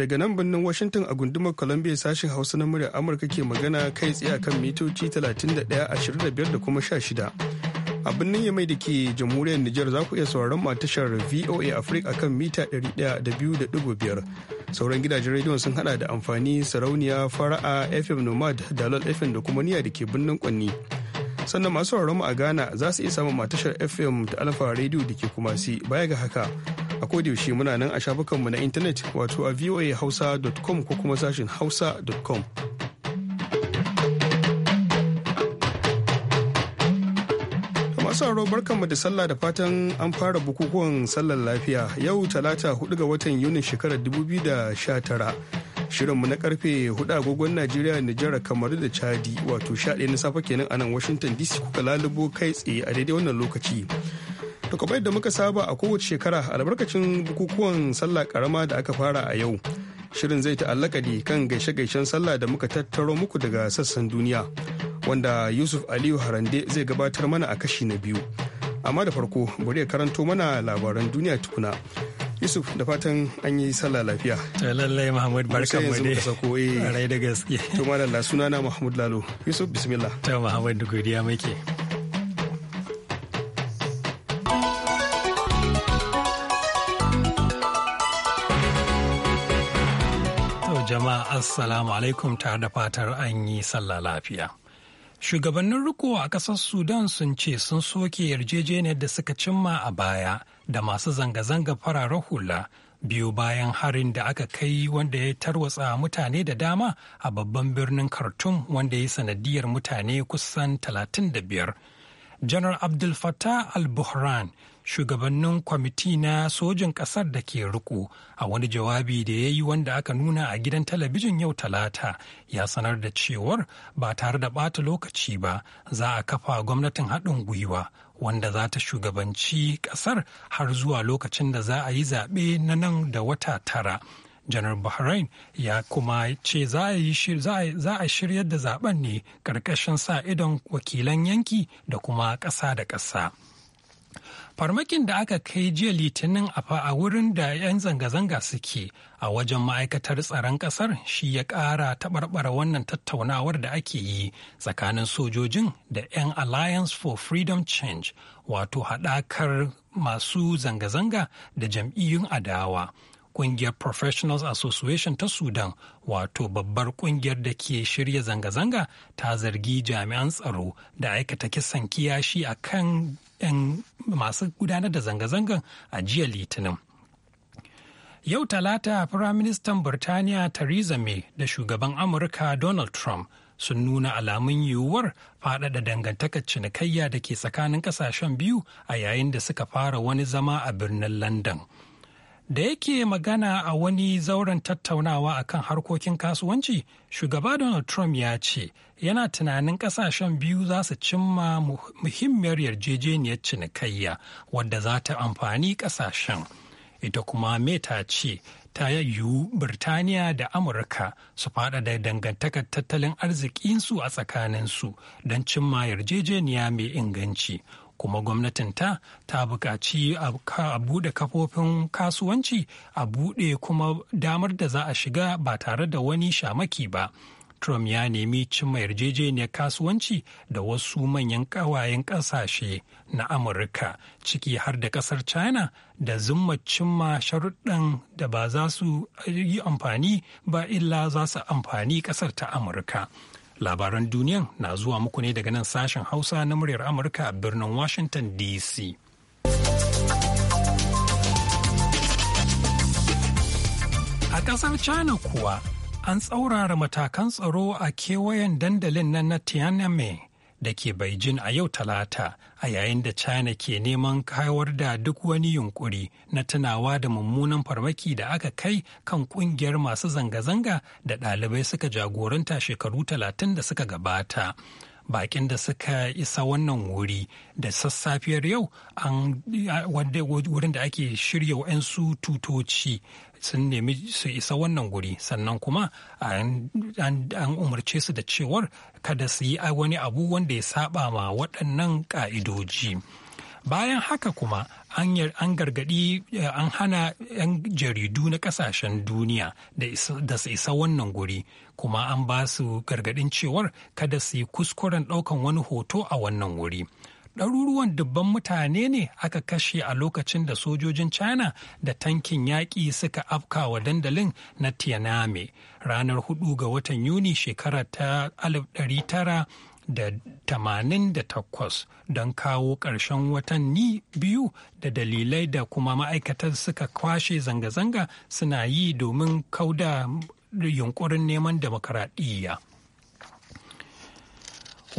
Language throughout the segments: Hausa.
daga nan birnin washington a gundumar columbia sashen hausa na murya amurka ke magana kai tsaye kan mitoci 31.25 da kuma 16 a birnin yamai da ke jamhuriyar niger za ku iya sauraron ma tashar voa africa akan mita 102.5 sauran gidajen rediyon sun hada da amfani sarauniya fara'a fm nomad dalol fm da kuma niya da ke birnin kwanni sannan masu sauraron mu a ghana za su iya samun matashar fm ta alfa rediyo da ke kumasi baya ga haka a yaushe muna nan a shafukanmu na intanet wato a voahausa.com ko kuma sashin hausa.com barkan mu da sallah da fatan an fara bukukuwan sallar lafiya yau talata 4 ga watan yunin shekarar 2019 shirinmu na karfe hudu agogon najeriya nijar kamaru da chadi wato 11 na safa kenan a nan washington dc kuka lalubo kai tsaye a daidai wannan lokaci To kamar yadda muka saba a kowace shekara albarkacin bukukuwan sallah karama da aka fara a yau. Shirin zai ta'allaka ne kan gaishe-gaishen sallah da muka tattaro muku daga sassan duniya. Wanda Yusuf Aliyu Harande zai gabatar mana a kashi na biyu. Amma da farko bari ya karanto mana labaran duniya tukuna. Yusuf da fatan an yi sallah lafiya. Lallai Muhammad barkan mu ne. sako eh. Rai da gaske. To malalla sunana Muhammad Lalo. Yusuf bismillah. Ta Muhammad godiya muke. Assalamu alaikum tare da fatar an yi sallah lafiya. Shugabannin riko a ƙasar Sudan sun ce sun soke yarjejeniyar da suka cimma a baya da masu zanga-zanga fararen hula biyu bayan harin da aka kai wanda ya tarwatsa mutane da dama a babban birnin Khartoum wanda ya sanadiyar mutane kusan 35. Janar Abdul Fattah al-Buhran shugabannin kwamiti na sojin ƙasar da ke riko a wani jawabi da ya yi wanda aka nuna a gidan talabijin yau talata ya sanar da cewar ba tare da ɓata lokaci ba za a kafa gwamnatin haɗin gwiwa wanda za ta shugabanci ƙasar har zuwa lokacin da za a yi zaɓe na nan da wata tara. janar bahrain ya kuma ce za a shiryar da zaben ne ƙarƙashin sa idon wakilan yanki da kuma ƙasa da ƙasa. Farmakin da aka kai jiya litinin a wurin da 'yan zanga-zanga suke a wajen ma'aikatar tsaron Kasar shi ya ƙara taɓarɓara wannan tattaunawar da ake yi tsakanin sojojin da 'yan Alliance for Freedom Change wato haɗakar masu zanga-zanga da jam'iyyun adawa. Ƙungiyar Professionals Association ta Sudan wato babbar ƙungiyar da ke shirya zanga-zanga ta zargi jami'an tsaro da aikata kisan kiyashi a kan 'yan masu gudanar da zanga-zangan a jiya litinin yau talata firaministan birtaniya theresa may da shugaban amurka donald trump sun nuna alamun yiwuwar faɗaɗa dangantakar cinikayya da ke tsakanin ƙasashen biyu a yayin da suka fara wani zama a birnin london Da yake magana a wani zauren tattaunawa a kan harkokin kasuwanci, shugaba Donald Trump ya ce yana tunanin kasashen biyu za su cimma muhimmiyar yarjejeniyar cinikayya wadda za ta amfani kasashen. Ita kuma meta ce ta yiwu Birtaniya da Amurka su da dangantakar tattalin arzikinsu a tsakaninsu don cimma yarjejeniya mai inganci kuma gwamnatinta ta buƙaci a buɗe kafofin kasuwanci a buɗe kuma damar da za a shiga ba tare da wani shamaki ba. Trump ya nemi cimma yarjejeniyar kasuwanci da wasu manyan ƙawayen ƙasashe na Amurka ciki har da ƙasar China da zumma cimma sharuɗan da ba za su yi amfani ba illa za su amfani ƙasar ta Amurka. labaran duniyan na zuwa muku ne daga nan sashen hausa na muryar amurka a birnin washington dc a ƙasar china kuwa an tsaurara matakan tsaro a kewayen dandalin nan na tiananmen da ke Beijing a yau Talata a yayin da China ke neman kawar da duk wani yunkuri na tunawa da mummunan farmaki da aka kai kan kungiyar masu zanga-zanga da ɗalibai suka jagoranta shekaru talatin da suka gabata. Bakin da suka isa wannan wuri da sassafiyar yau wurin da ake shirya 'yan su tutoci sun nemi su isa wannan guri sannan kuma an umarce su da cewar kada su yi wani abu wanda ya saba ma waɗannan ƙa'idoji. bayan haka kuma an gargaɗi an hana 'yan jaridu na ƙasashen duniya da su isa wannan guri kuma an ba su gargadin cewar kada su yi kuskuren ɗaukan wani hoto a wannan wuri ɗaruruwan dubban mutane ne aka kashe a lokacin da sojojin china da tankin yaƙi suka afka wa dandalin na tiananmen ranar 4 ga watan yuni shekara ta 1988 don kawo ƙarshen watanni biyu da dalilai da kuma ma'aikatar suka kwashe zanga-zanga suna yi domin kauda yunkurin neman demokaradiyya.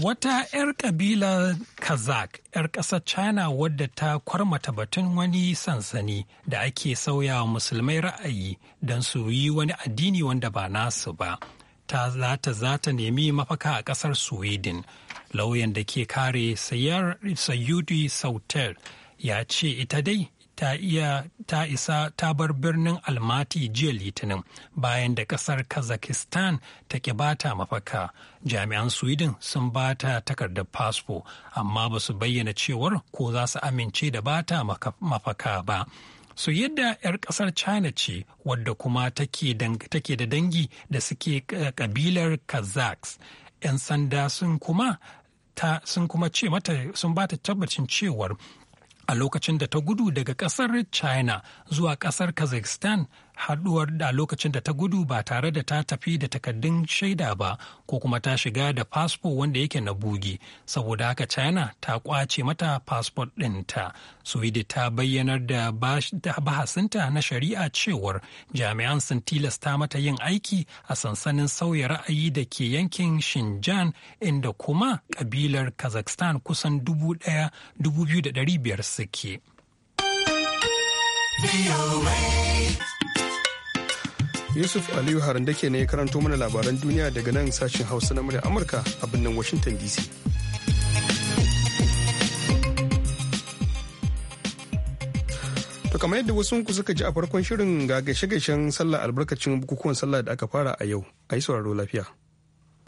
Wata 'yar ƙabilar Kazak 'yar ƙasar China wadda ta kwarmata batun wani sansani da ake sauya musulmai ra'ayi don su yi wani addini wanda ba nasu ba. Ta zata zata nemi mafaka a ƙasar Sweden. Lauyan da ke kare sayar Sayudi Sautel ya ce ita dai ta iya ta isa ta bar birnin almati jiya litinin bayan da kasar kazakhstan ta ki bata mafaka jami'an sweden sun bata takardar fasfo amma ba su bayyana cewar ko za su amince da bata mafaka ba su so yadda 'yar kasar china ce wadda kuma take da dangi da suke kabilar kazakhs 'yan sanda sun kuma sun kuma ce mata sun ba ta tabbacin cewar a lokacin da ta gudu daga kasar China zuwa kasar Kazakhstan haduwar da lokacin da ta gudu ba tare da ta tafi da takaddun shaida ba ko kuma ta shiga da fasfo wanda yake na bugi saboda haka china ta kwace mata fasfo ɗinta sweden ta bayyanar da bahasinta na shari'a cewar jami'an sun tilasta mata yin aiki a sansanin sauya ra'ayi da ke yankin shinjan inda kuma kabilar kazakhstan kusan dubu ɗaya dubu biyu da ɗari biyar suke. Yusuf Aliyu Haranda ke ne ya karanto mana labaran duniya daga nan sashen Hausa na murya Amurka a birnin Washington DC. kamar yadda wasu ku suka ji a farkon shirin ga gaishe-gaishen sallah albarkacin bukukuwan sallah da aka fara a yau. A yi sauraro lafiya.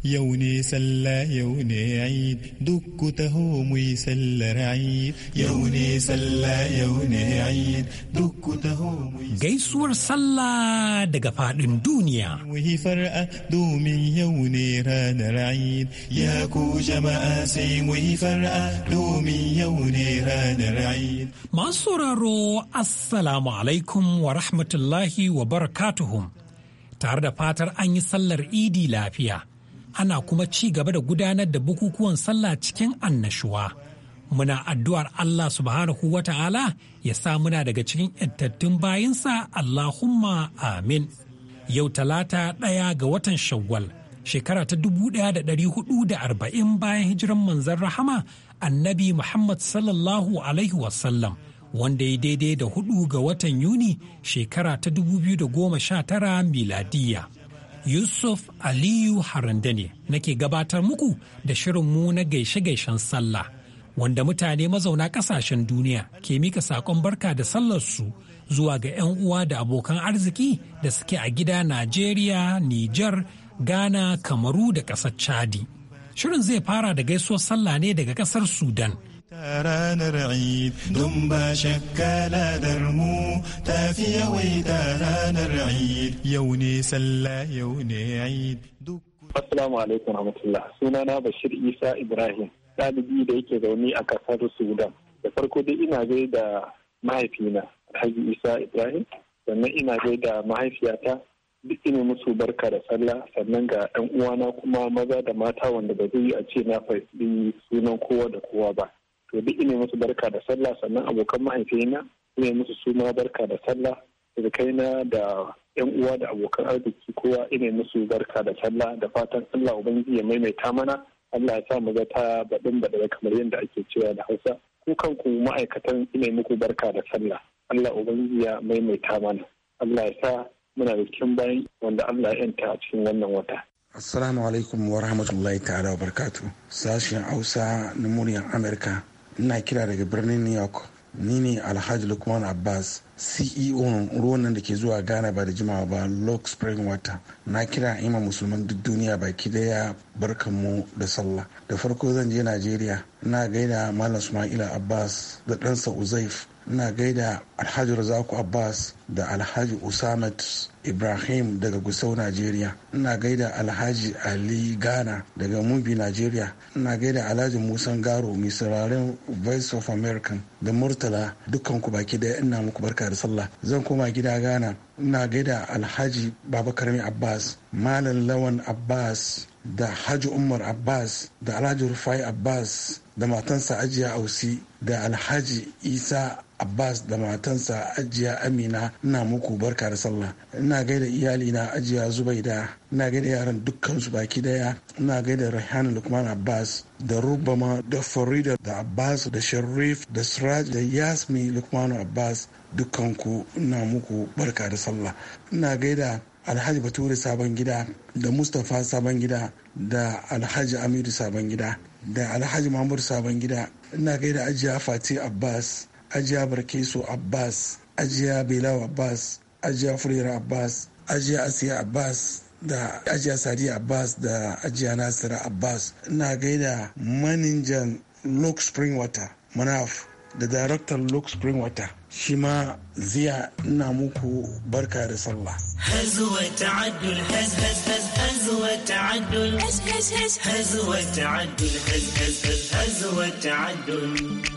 yau ne sallah yau ne aid duk ku taho mu yi sallar aid yau ne sallah yau ne aid duk ku taho mu gaisuwar sallah daga fadin duniya muhi far'a domin yau ne ranar aid ya ku jama'a sai muhi far'a domin yau ne ranar aid masu sauraro assalamu alaikum wa rahmatullahi wa barakatuhum tare da fatar an yi sallar idi lafiya ana kuma ci gaba da gudanar da bukukuwan sallah cikin annashuwa. Muna addu'ar Allah subhanahu wa ta'ala ya sa muna daga cikin ‘yantattun bayinsa Allahumma amin. Yau talata ɗaya ga watan Shawwal, shekara ta dubu ɗaya da da arba'in bayan hijiran manzan rahama annabi Muhammad sallallahu Alaihi wasallam. wanda ya daidai da hudu ga watan Yuni shekara ta dubu biyu da goma sha tara miladiyya Yusuf Aliyu Haranda ne nake gabatar muku da shirin mu na gaishe-gaishen sallah wanda mutane mazauna kasashen duniya ke mika saƙon barka da sallar su zuwa ga 'yan uwa da abokan arziki da suke a gida Najeriya, Nijar, Ghana, Kamaru da ƙasar Chadi. Shirin zai fara da gaisuwar sallah ne daga ƙasar Sudan. ranar Eid don ba shakka ladar mu tafi yawaita ranar Eid yau ne sallah yau ne Eid duk Assalamu alaikum rahmatullah Bashir Isa Ibrahim ɗalibi da yake zaune a ƙasar Sudan da farko dai ina gaida mahaifina Alhaji Isa Ibrahim sannan ina gaida mahaifiyata duk ne musu barka da sallah sannan ga yan uwana kuma maza da mata wanda ba zai yi a ce na faɗi sunan kowa da kowa ba to duk ina musu barka da sallah sannan abokan mahaifina ina musu suma barka da sallah da na da yan uwa da abokan arziki kowa ina musu barka da sallah da fatan Allah ubangiji ya maimaita mana Allah ya sa mu ga ta baɗin baɗin kamar yadda ake cewa da Hausa ku kanku ma'aikatan ina muku barka da sallah Allah ubangiji ya maimaita mana Allah ya sa muna da cikin bayan wanda Allah ya yanta a cikin wannan wata Assalamu alaikum wa rahmatullahi ta'ala wa barkatu. Sashen Hausa na muryar Amurka ina kira daga birnin new york ni ne alhaji lukman abbas ceo ruwan da ke zuwa ghana ba da jimawa ba lock spring water na kira ima musulman duk duniya baki daya mu da sallah da farko zan je najeriya ina gaida malam sumaila abbas da ɗansa uzaif ina gaida alhaji razaku abbas da alhaji usamat ibrahim daga gusau najeriya ina gaida alhaji ali ghana daga mubi najeriya ina gaida alhaji musan garo mai sauraren voice of american da murtala dukkan ku baki daya ina muku barka da sallah zan koma gida ghana ina gaida alhaji babakarmi abbas malam lawan abbas da haji umar abbas da alhaji rufai abbas da matansa ajiya ausi da alhaji isa abbas da matansa ajiya amina ina muku barka da sallah ina gaida iyali na ajiya zubaida ina gaida yaran dukkan su baki daya ina gaida Rihanna Lukman Abbas da Rubama da Farida da Abbas da Sharif da Siraj da Yasmi Lukman Abbas dukkanku ina muku barka da sallah ina gaida alhaji bature sabon gida da mustapha sabon gida da alhaji amiru sabon gida da alhaji mahmud sabon gida ina gaida ajiya fati abbas ajiya barkesu abbas ajiya belawa abbas ajiya furera abbas ajiya asiya abbas da ajiya sadiya abbas da ajiya nasira abbas na gaida manijan luke springwater manaf da daraktar luke springwater shi ma ziya na muku barka da sallah هزوة تعدل هز هز هز هزوة تعدل هز هز هز هزوة تعدل هز هز هز هزوة تعدل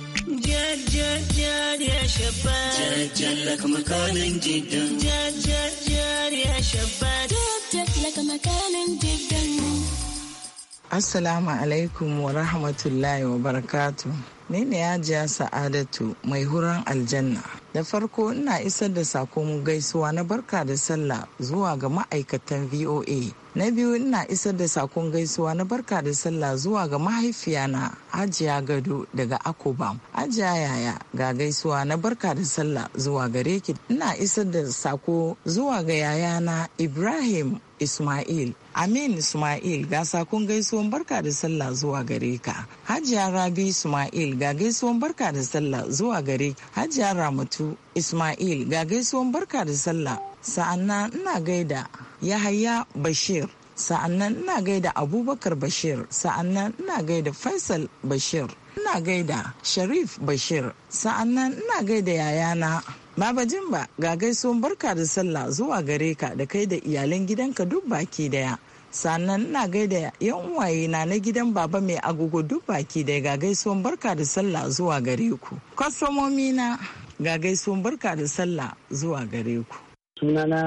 Assalamu alaikum wa rahmatullahi wa barakatu. Ni ne Hajiya Sa'adatu mai huran aljanna. Da farko ina isar da sakon gaisuwa na barka da sallah zuwa ga ma'aikatan VOA na biyu ina isar da sakon gaisuwa na barka da sallah zuwa ga mahaifiya na hajiya gado daga akobam ajiya yaya ga gaisuwa na barka da sallah zuwa gare ki ina isar da sako zuwa ga yayana ibrahim ismail Amin Ismail ga sakon gaisuwan barka da sallah zuwa gare ka. Hajiya Rabi Ismail ga gaisuwan barka da sallah zuwa gare Hajiya Ramatu Ismail ga gaisuwan barka da sallah. Sa'annan ina gaida yahaya bashir sa'annan ina gaida abubakar bashir sa'annan ina gaida faisal bashir ina gaida sharif bashir sa'annan ina gaida yayana Baba Jimba ga gaisuwan barka da sallah zuwa gare ka da kai da iyalan gidanka duk baki daya. sannan ina gaida yan uwaye na na gidan baba mai agogo duk baki daya ga gaisuwan barka da sallah zuwa gare ku. Kwasomomi na ga gaisuwan barka da sallah zuwa gare ku. sunana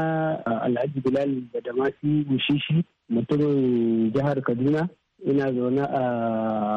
alhaji bilal da damasi bushishi mutumin jihar kaduna ina zaune a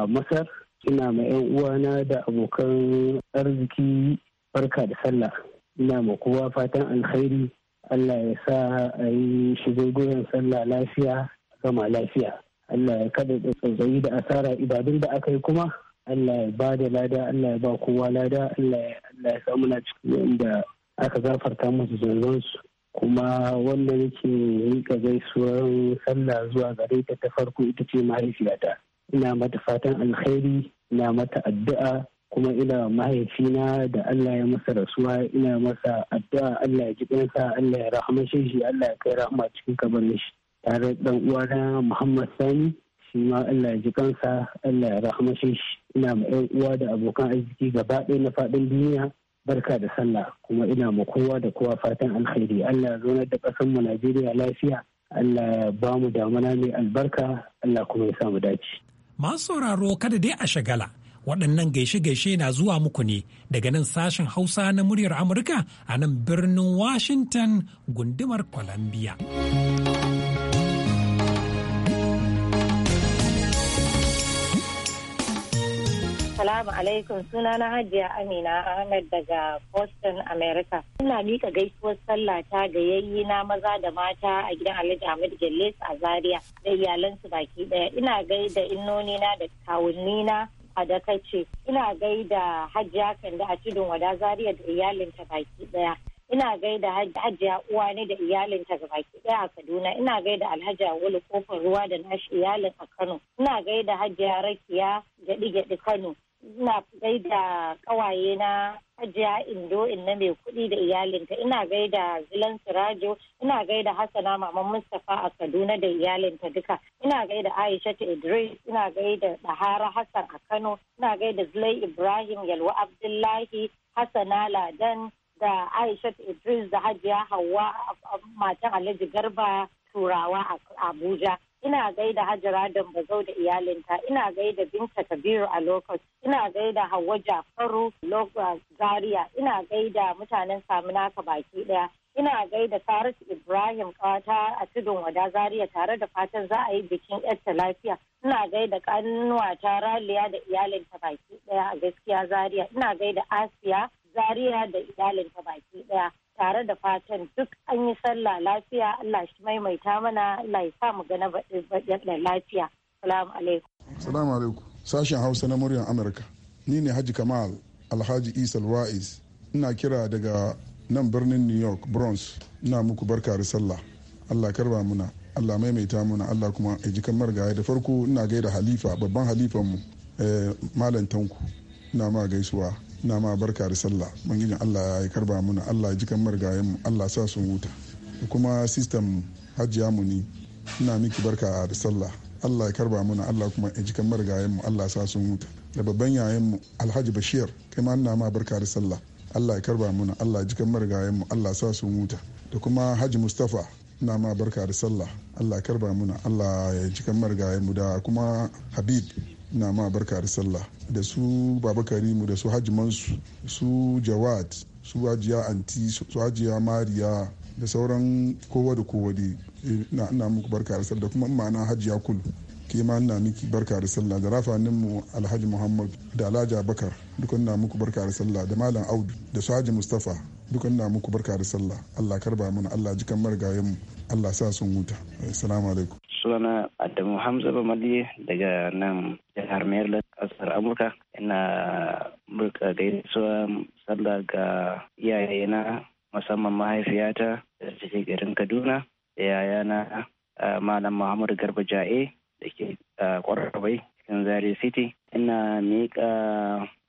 masar ina mai 'yan uwana da abokan arziki barka da sallah ina ma kowa fatan alkhairi allah ya sa a yi shigo goyon sallah lafiya gama lafiya allah ya kada tsantsayi da asara ibadun da aka yi kuma allah ya ba da lada allah ya ba kowa lada allah ya samu na cikin da aka zafarta musu zunubansu kuma wanda yake rika gaisuwar sallah zuwa gare ta ta farko ita ce mahaifiyata ina mata fatan alkhairi ina mata addu'a kuma ina mahaifina da Allah ya masa rasuwa ina masa addu'a Allah ya ji Allah ya rahamashe shi Allah ya kai rahama cikin kabarin shi tare da dan uwana Muhammad Sani shi ma Allah ya ji kansa Allah ya rahamashe shi ina ma ƴan uwa da abokan arziki gaba ɗaya na faɗin duniya barka da sallah kuma ina ma kowa da kowa fatan alkhairi allah ya zaunar da mu najeriya lafiya allah ya ba mu damuna mai albarka allah kuma ya sa mu dace masu sauraro kada dai a shagala waɗannan gaishe-gaishe na zuwa muku ne daga nan sashen hausa na muryar amurka a nan birnin washington gundumar columbia. Assalamu alaikum Suna na Hajiya Amina Ahmed daga Boston, America. Ina mika gaisuwar sallah ta ga yayi na maza da mata a gidan Alhaji Ahmed Gelles a Zaria da iyalansu baki daya. Ina gaida innoni na da kawunni na a Dakace. Ina gaida Hajiya Kande a Tudun Wada Zaria da iyalinta baki daya. ina gaida hajiya uwa ne da iyalinta ga baki daya a kaduna ina gaida alhaji wani kofar ruwa da nashi iyalin a kano ina gaida hajiya rakiya gyaɗi gyaɗi kano ina gaida kawaye na hajiya indo na mai kuɗi da iyalinta ina gaida zilan sirajo ina gaida hassana maman mustapha a kaduna da iyalinta duka ina gaida aisha ta idris ina gaida dahara hassan a kano ina gaida zulai ibrahim yalwa abdullahi hassana ladan da aisha ta idris da hajiya hawa matan alhaji garba turawa a abuja ina gaida hajara bazau da iyalinta ina gaida binta kabiru a lokaci ina gaida hawa jafaru zaria ina gaida mutanen saminaka baki daya ina gaida Sarat Ibrahim kawata a tudun wada zaria tare da fatan za a yi bikin yarta lafiya ina gaida ta raliya da iyalinta baki daya a gaskiya zaria ina gaida asiya zaria da iyalinta baki daya tare da fatan duk an yi sallah lafiya Allah shi maimaita mana Allah ya sa mu ga na lafiya. Salamu alaikum. Salamu alaikum. Sashen Hausa na muryar Amurka. Ni ne Haji Kamal Alhaji Isa Wa'iz. Ina kira daga nan birnin New York, Bronx. Ina muku barka da sallah. Allah karba muna. Allah maimaita muna Allah kuma ya ji kamar gaya da farko ina gaida halifa babban halifan mu eh, malam tanku ina ma gaisuwa na ma barka da sallah bangijin allah ya karba muna allah ya ji kan marigayen mu allah sa sun huta kuma sistem hajjiya muni ina miki barka da sallah allah ya karba muna allah kuma ya ji kan marigayen mu allah sa sun huta da babban yayan mu alhaji bashir kai ma ina ma barka da sallah allah ya karba muna allah ya ji kan marigayen mu allah sa sun huta da kuma haji mustapha ina ma barka da sallah allah ya karba muna allah ya ji kan marigayen mu da kuma habib na ma barka da sallah da su baba karimu da su hajjimansu su jawad su hajiya anti su hajiya mariya da sauran kowa da kowa da eh, na ina muku barka da sallah kuma ma'ana hajiya kulu ke ma ina miki barka da sallah da rafanin mu alhaji muhammad da alhaji abakar dukkan na muku barka da sallah da malam audu da su haji mustafa dukkan na muku barka da sallah allah karba mana allah jikan marigayen mu allah sa sun huta assalamu alaikum sunana Adamu Hamza Bamali daga nan jihar Maryland kasar Amurka ina murka gaisuwa sallah ga iyayena musamman mahaifiyata da take garin Kaduna da yayana Malam Muhammadu Garba Ja'e da ke Kwarabai cikin Zari City ina miƙa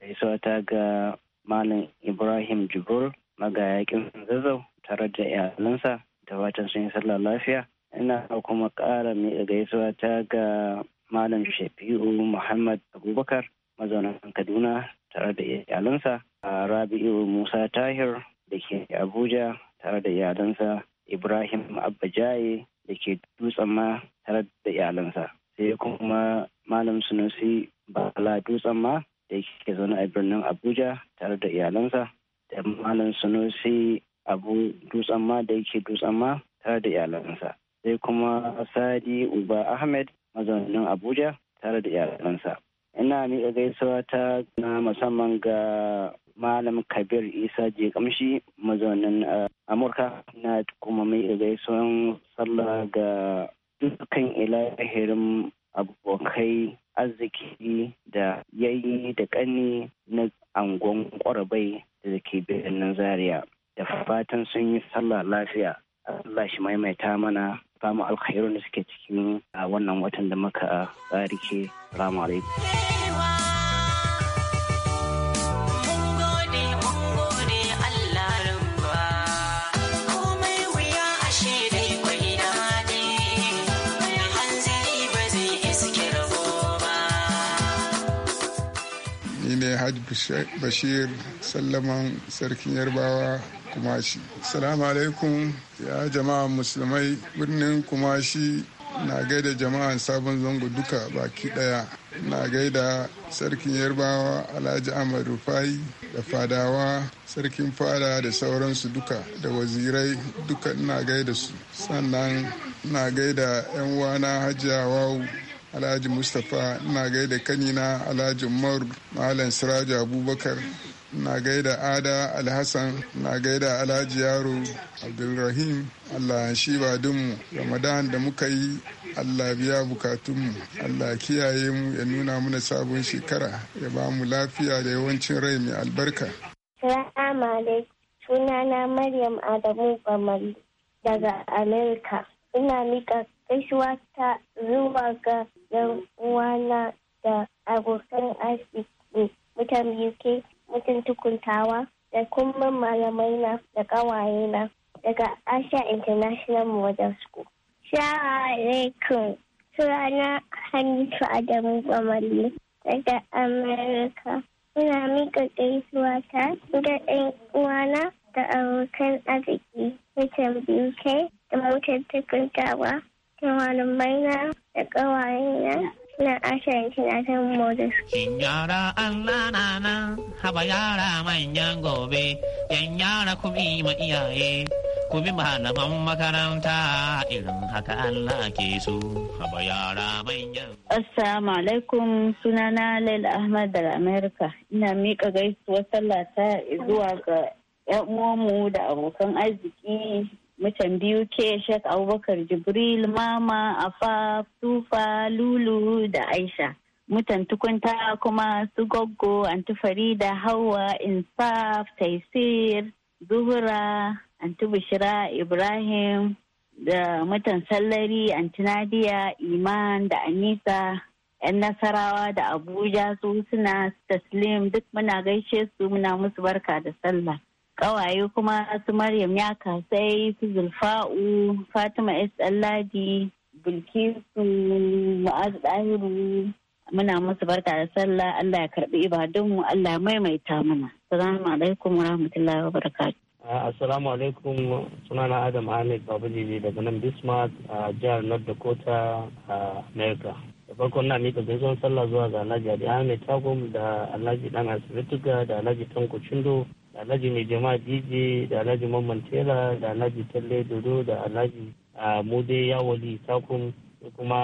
gaisuwa ta ga Malam Ibrahim Jibril magayakin zazzau tare da iyalansa da watan sun yi sallah lafiya ina kuma ƙara mai gaisuwa ta ga malam shafi'u muhammad abubakar mazaunan kaduna tare da iyalansa a rabi'u musa tahir da ke abuja tare da iyalansa ibrahim abbajaye da ke dutsen ma tare da iyalansa sai kuma malam sunusi bala dutsen ma da ke zaune a birnin abuja tare da iyalansa da malam sunusi abu dutsen ma da ke dutsen ma tare da iyalansa sai kuma sadi uba ahmed mazaunin abuja tare da iyalansa ina miƙa gaisuwa ta na musamman ga malam kabir isa je kamshi mazaunin eh, amurka na kuma miƙa gaisuwan sallah ga dukkan ilahirin abokai arziki da yayi da ƙani na angon kwarabai da ke birnin zaria da fatan sun yi sallah lafiya Allah shi maimaita mana samu alkhairun da suke cikin ah, wannan watan da muka tsarike. Ah, Salamu alaikum. ne bashir sallaman sarkin yarbawa kumashi salamu alaikum ya jama'a musulmai birnin kumashi na gaida jama'an sabon zango duka baki daya na gaida sarkin yarbawa alhaji ahmad rufai da fadawa sarkin fada da sauransu duka da wazirai duka na gaida su sannan na gaida 'yan wana wawu. alhaji mustapha ina gaida kanina alhaji umar malam siraju abubakar na gaida ada alhassan na gaida alhaji yaro abdulrahim allah shi ba dinmu ramadan da muka yi allah biya bukatunmu allah kiyaye mu ya nuna mana sabon shekara ya ba mu lafiya da yawancin rai mai albarka salamu sunana maryam adamu daga amerika ina mika gaisuwa ta zuwa ga yan uwana da abokan arziki mutan UK mutum tukuntawa da kuma malamai na da kawaye na daga Asia International Model School. Sha'alaikum. Sunana Hamisu Adamu Gwamali daga Amerika. Ina mika gaisuwa ta ga ɗan uwana da abokan arziki mutum UK da mutum tukuntawa da malamai na da ƙawaye na na ashirin tunatin Moses. yara Allah na nan haba yara manyan gobe, yan yara ku bi ma iyaye, ku bi malaman makaranta irin haka Allah ke so, haba yara manyan. Assalamu alaikum sunana Laila Ahmad daga Amerika. Ina miƙa gaisuwar sallah ta zuwa ga 'yan uwanmu da abokan arziki mutan biyu ke shek eh, Abubakar Jibril, Mama, Afa, Tufa, Lulu da Aisha. Mutan tukunta kuma su goggo, Anti Farida, Hawa, Insaf, Taisir, Zuhura, antibishira Ibrahim, da mutan Sallari, antinadiya Iman da Anisa. 'yan nasarawa da abuja su suna taslim duk muna gaishe su muna musu barka da sallah kawaye kuma su maryam ya kasai su zulfa'u fatima s Alladi, bilkisu ma'azu ɗahiru muna musu barka da sallah allah ya karɓi ibadunmu allah maimaita mana assalamu alaikum wa rahmatullahi wa barakatuh ah, assalamu alaikum sunana adam ahmed babaji daga nan bismarck a jihar north dakota a america da farko na mika gaisuwar sallah zuwa ga alhaji adi ahmed tagum da alhaji dan asibituga da alhaji tanko Chindo. da alhaji mai jama'a jiji da alhaji mamman tela da alhaji talle dodo da alhaji mude yawali takun da kuma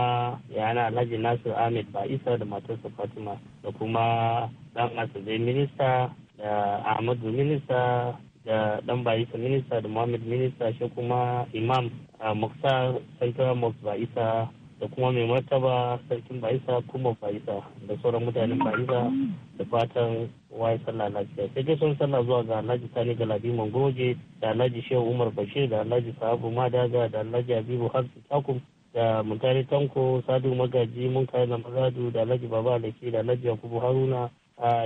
yana alhaji nasir ahmed ba'isa da matarsa fatima da kuma dan asibai minista da ahmadu minista da dan ba'isa minista da muhammad minista shi kuma imam muktar central mosque ba'isa da kuma mai martaba sarkin baisa kuma baisa da sauran mutanen baisa da fatan waye sallah lafiya sai dai sun sallah zuwa ga alhaji sani galabi mangoje da alhaji shehu umar bashir da alhaji sahabu madaga da alhaji habibu hafsu takum da mutane tanko sadu magaji mun kai na mazadu da alhaji baba alaki da alhaji yakubu haruna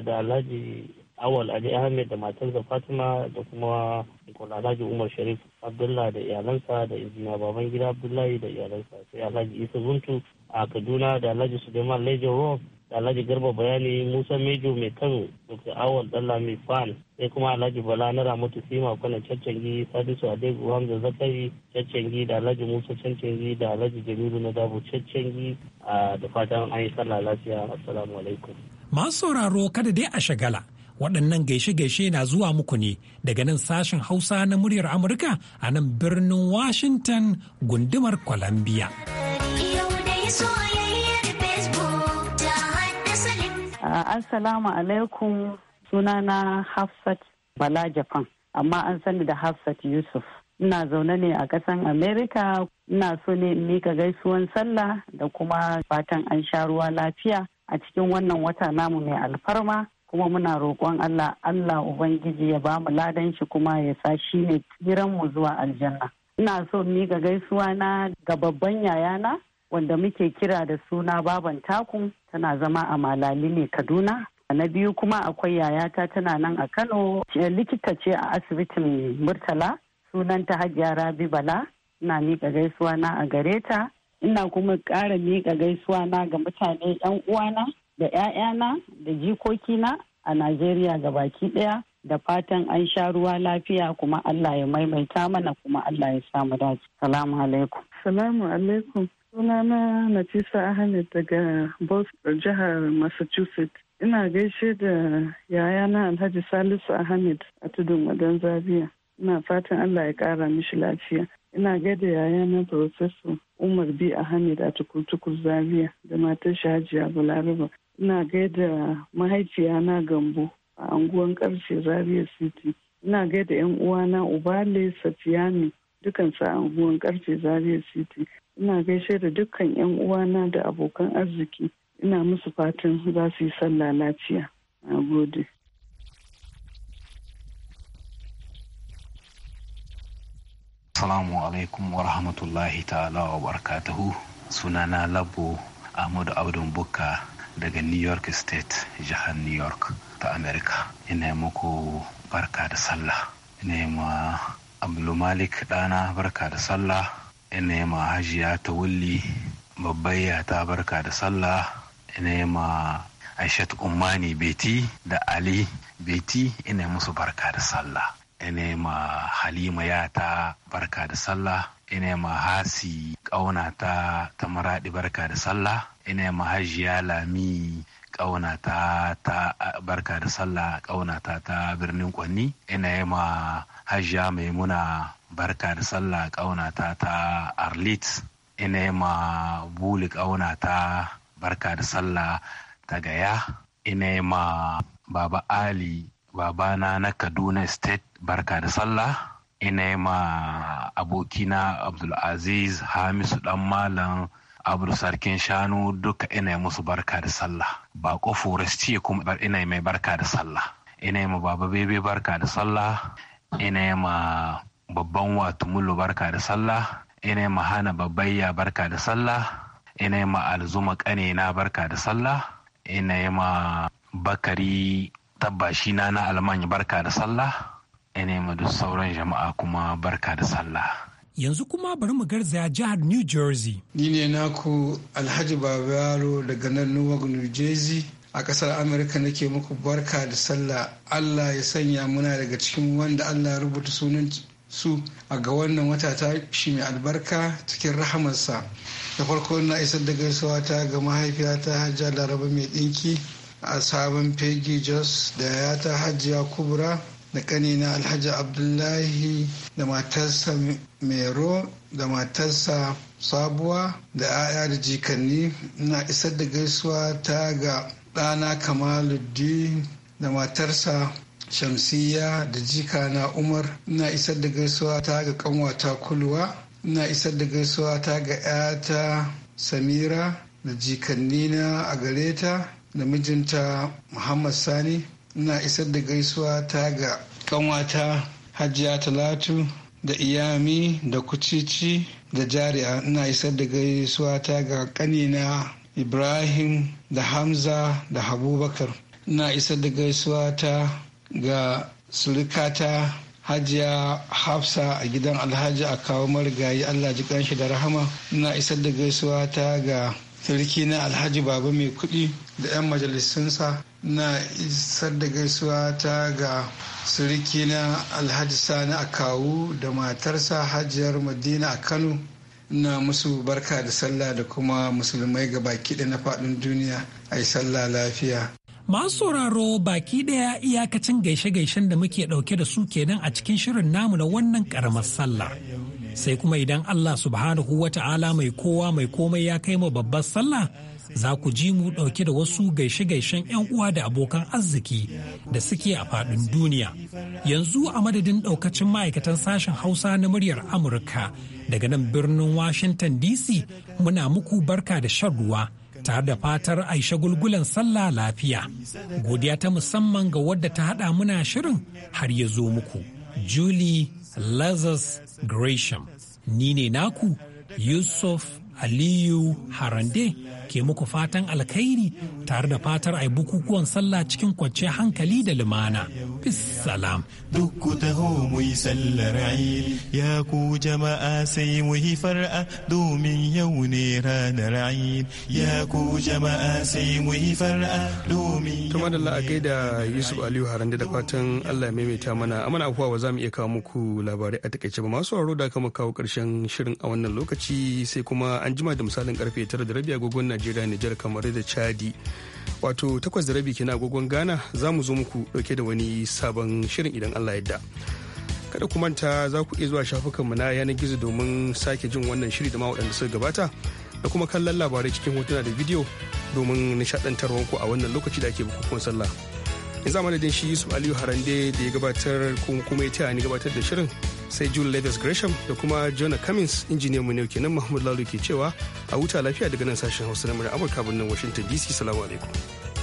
da alhaji awal ali ahmed da matarsa fatima da kuma nicola alhaji umar sharif abdullah da iyalansa da injiniya baban gida abdullahi da iyalansa sai alhaji isa zuntu a kaduna da alhaji suleiman lejo rock da alhaji garba bayani musa mejo mai kano dr awal dalla mai fan sai kuma alhaji bala na ramatu sima kwanan cancangi sadisu adegu hamza zakari cancangi da alhaji musa cancangi da alhaji jamilu na dabo cancangi da fatan an yi sallah lafiya assalamu alaikum masu sauraro kada dai a shagala waɗannan gaishe-gaishe na zuwa muku ne daga nan sashen hausa na muryar amurka a nan birnin washington gundumar columbia assalamu alaikum sunana hafsat bala japan amma an sani da hafsat yusuf ina zaune ne a ƙasan amerika ina so ne in mika gaisuwan sallah da kuma fatan an sha ruwa lafiya a cikin wannan wata namu mai alfarma kuma muna roƙon Allah Allah Ubangiji ya bamu ladan shi kuma ya sa shi ne mu zuwa aljanna. Ina so ni ga gaisuwa na ga babban yayana wanda muke kira da suna baban takun tana zama a malali ne Kaduna. Na biyu kuma akwai yayata tana nan a Kano likita ce a asibitin Murtala sunanta Hajiya Rabi Bala ina miƙa gaisuwa na a gare ta. Ina kuma ƙara miƙa gaisuwa na ga mutane 'yan uwana da 'ya'yana da jikokina a Najeriya ga baki ɗaya da fatan an sha ruwa lafiya kuma Allah ya maimaita mana kuma Allah ya samu dace. Salamu alaikum. Salamu alaikum. Sunana Natisa Ahmed daga Boston jihar Massachusetts. Ina gaishe da yayana Alhaji Salisu Ahmed a tudun wadan Zaria. Ina fatan Allah ya ƙara mishi lafiya. Ina gaida yayana Professor Umar B. Ahmed a tukur Zabiya da matar shi Hajiya Balaraba ina gaida mahaifiya na gambo a anguwan karshe zaria city ina gaida yan uwana ubale safiyani dukansu a anguwan karshe zaria city ina gaishe da dukkan yan uwana da abokan arziki ina musu fatan za su yi sallah lafiya na gode Assalamu alaikum wa rahmatullahi ta'ala wa barakatuhu sunana labo Ahmadu Abdul Bukka daga new york state jihar new york ta america ina muku barka da sallah ina ma abdulmalik dana barka da sallah ina ma hajiya ta wulli babbayya ta barka da sallah ina ma aishat ummani beti da ali beti ina musu barka da sallah ina ma halima ya ta barka da sallah ina ma hasi ƙaunata ta maraɗi barka da sallah ina ma hajiya lami ƙaunata ta barka da sallah ƙaunata ta birnin kwanni ina ma hajiya maimuna barka da sallah ƙaunata ta arlit ina ma buli ƙaunata barka da sallah ta gaya ina ma baba ali babana na kaduna state barka da sallah ina ma abokina abdulaziz hamisu dan malam abdu sarkin shanu duka ina musu barka da sallah bako forestier kuma ina mai barka da sallah ina ma baba bebe barka da sallah ina ma babban watumulu barka da sallah ina ma hana babbayya barka da sallah ina ma alzuma na barka da sallah ina ma bakari tabbashi na na barka da sallah duk sauran jama'a kuma barka da sallah yanzu kuma bari mu garzaya jihar New Jersey. Ni ne naku Alhaji Babayaro daga nan Newark, New Jersey. A ƙasar Amurka nake muku barka da sallah Allah ya sanya muna daga cikin wanda Allah ya rubuta sunan su a ga wannan wata ta shi mai albarka cikin rahamarsa. Da farko na isar da gaisuwa ta ga mahaifiyata Hajjia Laraba mai ɗinki a sabon Peggy Jos da ya ta Hajiya Kubra da ƙanina alhaji abdullahi da matarsa mero da matarsa sabuwa da 'ya'ya da jikanni na isar da gaisuwa ta ga ɗana kamaluddin da matarsa shamsiya da jika na umar na isar da gaisuwa ta ga kanwata kulwa na isar da gaisuwa ta ga 'yata samira da jikannina a gareta da mijinta muhammad sani ina isar da gaisuwa ta ga kanwata hajiya talatu da iyami da kucici da jari'a na isar da gaisuwa ta ga kanina ibrahim da hamza da habubakar na isar da gaisuwa ta ga surikata hajiya hafsa a gidan alhaji a kawo marigayi allah ji kanshi da rahama ina isar da gaisuwa ta ga sarki na alhaji baba mai kuɗi da 'yan majalisunsa na isar da gaisuwa ta ga na alhaji sani akawu da matarsa hajiyar madina a kano na musu barka da sallah da kuma musulmai ga baki da na faɗin duniya a yi sallah lafiya masu sauraro baki daya iyakacin gaishe-gaishen da muke dauke da su kenan a cikin shirin namu na wannan karamar sallah sai kuma idan allah subhanahu wa ta'ala mai kowa mai komai ya kai mu babbar sallah za ku ji mu ɗauke da wasu gaishe-gaishen 'yan uwa da abokan arziki da suke a faɗin duniya. Yanzu a madadin ɗaukacin ma'aikatan sashen Hausa na muryar Amurka daga nan birnin Washington DC muna muku barka da shan ruwa. tare da fatar aisha gulgulan sallah lafiya godiya ta musamman ga wadda ta haɗa muna shirin har ya zo muku julie lazarus gresham ni ne naku yusuf aliyu harande ke muku fatan alkhairi tare da fatar ai bukukuwan sallah cikin kwanciyar hankali da lumana. Bis salam. Duk taho mu yi sallar ayil, ya ku jama'a sai mu yi far'a domin yau ne ranar ayil. ya ku jama'a sai mu yi far'a domin yau ne ranar ayi. da Yusuf Aliyu Harande da fatan Allah ya maimaita mana amana kuwa ba za mu iya kawo muku labarai a takaice ba masu sauraro da kama kawo karshen shirin a wannan lokaci sai kuma an jima da misalin karfe 9 da rabi agogon najeriya nijar kamar da chadi wato takwas da rabi kina agogon ghana za mu zo muku dauke da wani sabon shirin idan allah yadda kada ku manta za ku iya zuwa shafukanmu na yanar gizo domin sake jin wannan shiri da ma waɗanda suka gabata da kuma kallon labarai cikin hotuna da bidiyo domin nishadantarwar ku a wannan lokaci da ake bukukuwan sallah yanzu a da shi yusuf aliyu harande da ya gabatar kuma ya taya ni gabatar da shirin sai June levis Gresham da kuma Jonah Cummins injiniyan mu ne kenan Mahmud Lalu ke cewa a wuta lafiya daga nan sashen Hausa na Amurka birnin Washington DC salamu alaikum.